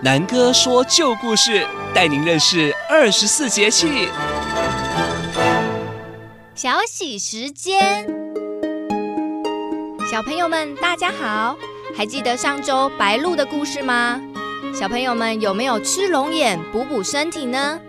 南哥說舊故事，帶您認識二十四節氣。小喜時間，小朋友們大家好，還記得上週白露的故事嗎？小朋友們有沒有吃龍眼補補身體呢？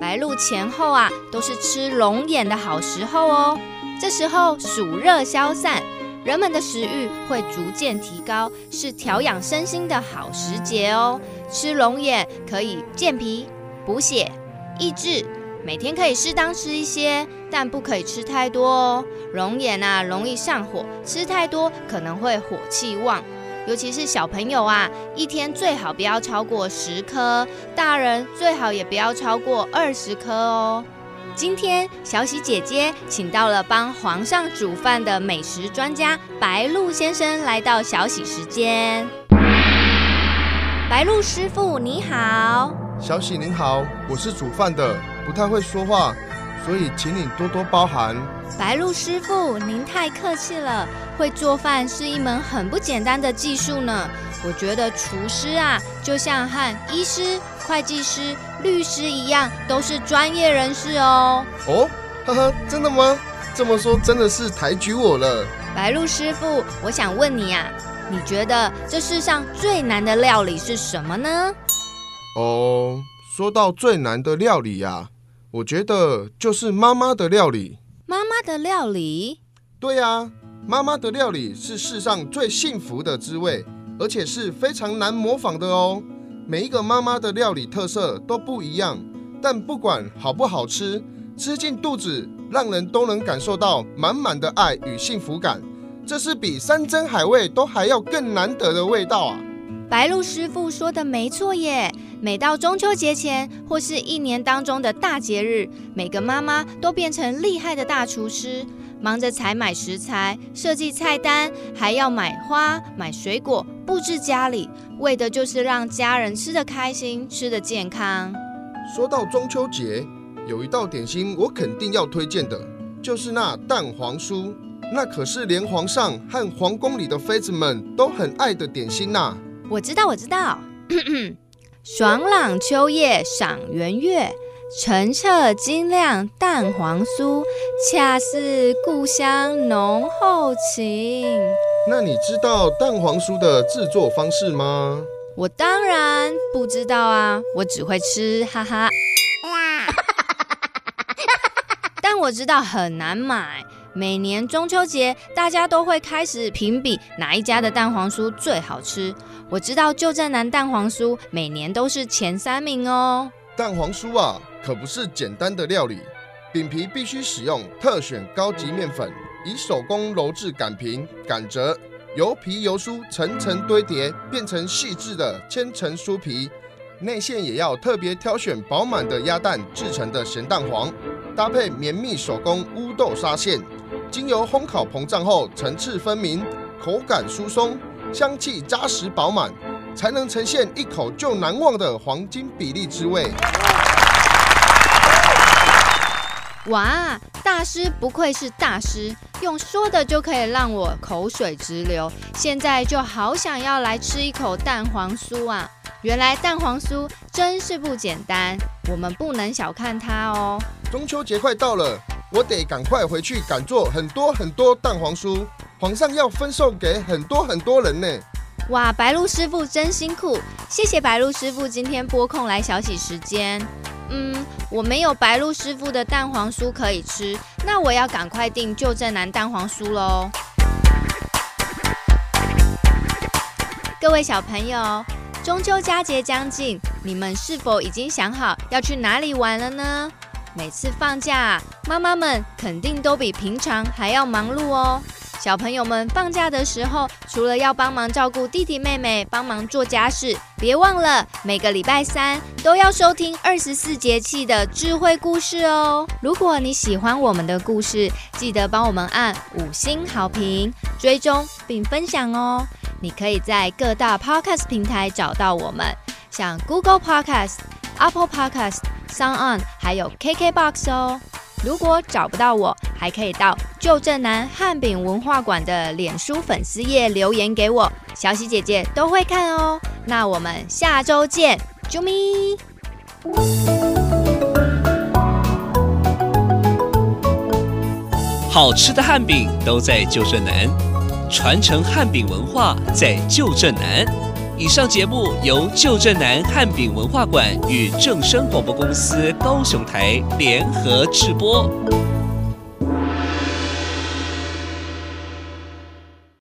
白露前後啊，都是吃龍眼的好時候哦。這時候暑熱消散。人們的食欲會逐漸提高，是調養身心的好時節哦。吃龍眼可以健脾、補血、益智，每天可以適當吃一些，但不可以吃太多哦。龍眼啊，容易上火，吃太多可能會火氣旺，尤其是小朋友啊，一天最好不要超過十顆，大人最好也不要超過二十顆哦。今天小喜姐姐請到了幫皇上煮飯的美食專家白露先生，來到小喜時間。白露師傅你好。小喜您好，我是煮飯的，不太會說話，所以請你多多包涵。白露師傅您太客氣了，會做飯是一門很不簡單的技術呢。我覺得廚師啊，就像和醫師、會計師、律師一樣，都是專業人士哦。哦，呵呵，真的嗎？這麼說真的是抬舉我了。白露師傅，我想問你啊，你覺得這世上最難的料理是什麼呢？哦，說到最難的料理啊，我覺得就是媽媽的料理。媽媽的料理？對啊，媽媽的料理是世上最幸福的滋味，而且是非常難模仿的哦。每一個媽媽的料理，特色都不一樣，但不管好不好吃，吃進肚子，讓人都能感受到滿滿的愛與幸福感，這是比山珍海味都還要更難得的味道啊！白露師傅說的沒錯耶，每到中秋節前或是一年當中的大節日，每個媽媽都變成厲害的大廚師。忙着採買食材、設計菜單，還要買花、買水果、布置家裡，為的就是讓家人吃得開心、吃得健康。說到中秋節，有一道點心我肯定要推薦的，就是那蛋黃酥，那可是連皇上和皇宮裡的妃子們都很愛的點心吶、啊。我知道，我知道，咳咳，爽朗秋夜賞圓月，澄澈晶亮蛋黃酥，恰似故鄉濃厚情。那你知道蛋黃酥的製作方式嗎？我當然不知道啊，我只會吃，哈哈。哇！哈哈哈哈哈哈哈哈哈哈！但我知道很難買。每年中秋節，大家都會開始評比哪一家的蛋黃酥最好吃。我知道舊振南蛋黃酥，每年都是前三名哦。蛋黃酥啊，可不是簡單的料理。餅皮必須使用特選高級麵粉，以手工揉製、擀平、擀折，油皮油酥層層堆疊，變成細緻的千層酥皮。內餡也要特別挑選飽滿的鴨蛋製成的鹹蛋黃，搭配綿密手工烏豆沙餡，經由烘烤膨脹後，層次分明，口感酥鬆，香氣紮實飽滿。才能呈現一口就難忘的黃金比例滋味。哇，大師不愧是大師，用說的就可以讓我口水直流。現在就好想要來吃一口蛋黃酥啊！原來蛋黃酥真是不簡單，我們不能小看它哦。中秋節快到了，我得趕快回去趕做很多很多蛋黃酥，皇上要分送給很多很多人呢。哇，白露師傅真辛苦，謝謝白露師傅今天撥空來小喜時間。嗯，我沒有白露師傅的蛋黃酥可以吃，那我要趕快訂舊振南蛋黃酥嘍。各位小朋友，中秋佳節將近，你們是否已經想好要去哪裡玩了呢？每次放假，媽媽們肯定都比平常還要忙碌哦。小朋友們放假的時候，除了要幫忙照顧弟弟妹妹、幫忙做家事，別忘了每個禮拜三都要收聽二十四節氣的智慧故事哦。如果你喜歡我們的故事，記得幫我們按五星好評、追蹤並分享哦。你可以在各大 Podcast 平台找到我們，像 Google Podcast、Apple Podcast、Sound On，還有 KKBox 哦。如果找不到我，我還可以到。舊振南漢餅文化館的臉書粉絲頁留言給我，小喜姐姐都會看哦。那我們下周見，啾咪！好吃的漢餅都在舊振南，傳承漢餅文化在舊振南。以上節目由舊振南漢餅文化館與正聲廣播公司高雄台聯合制播。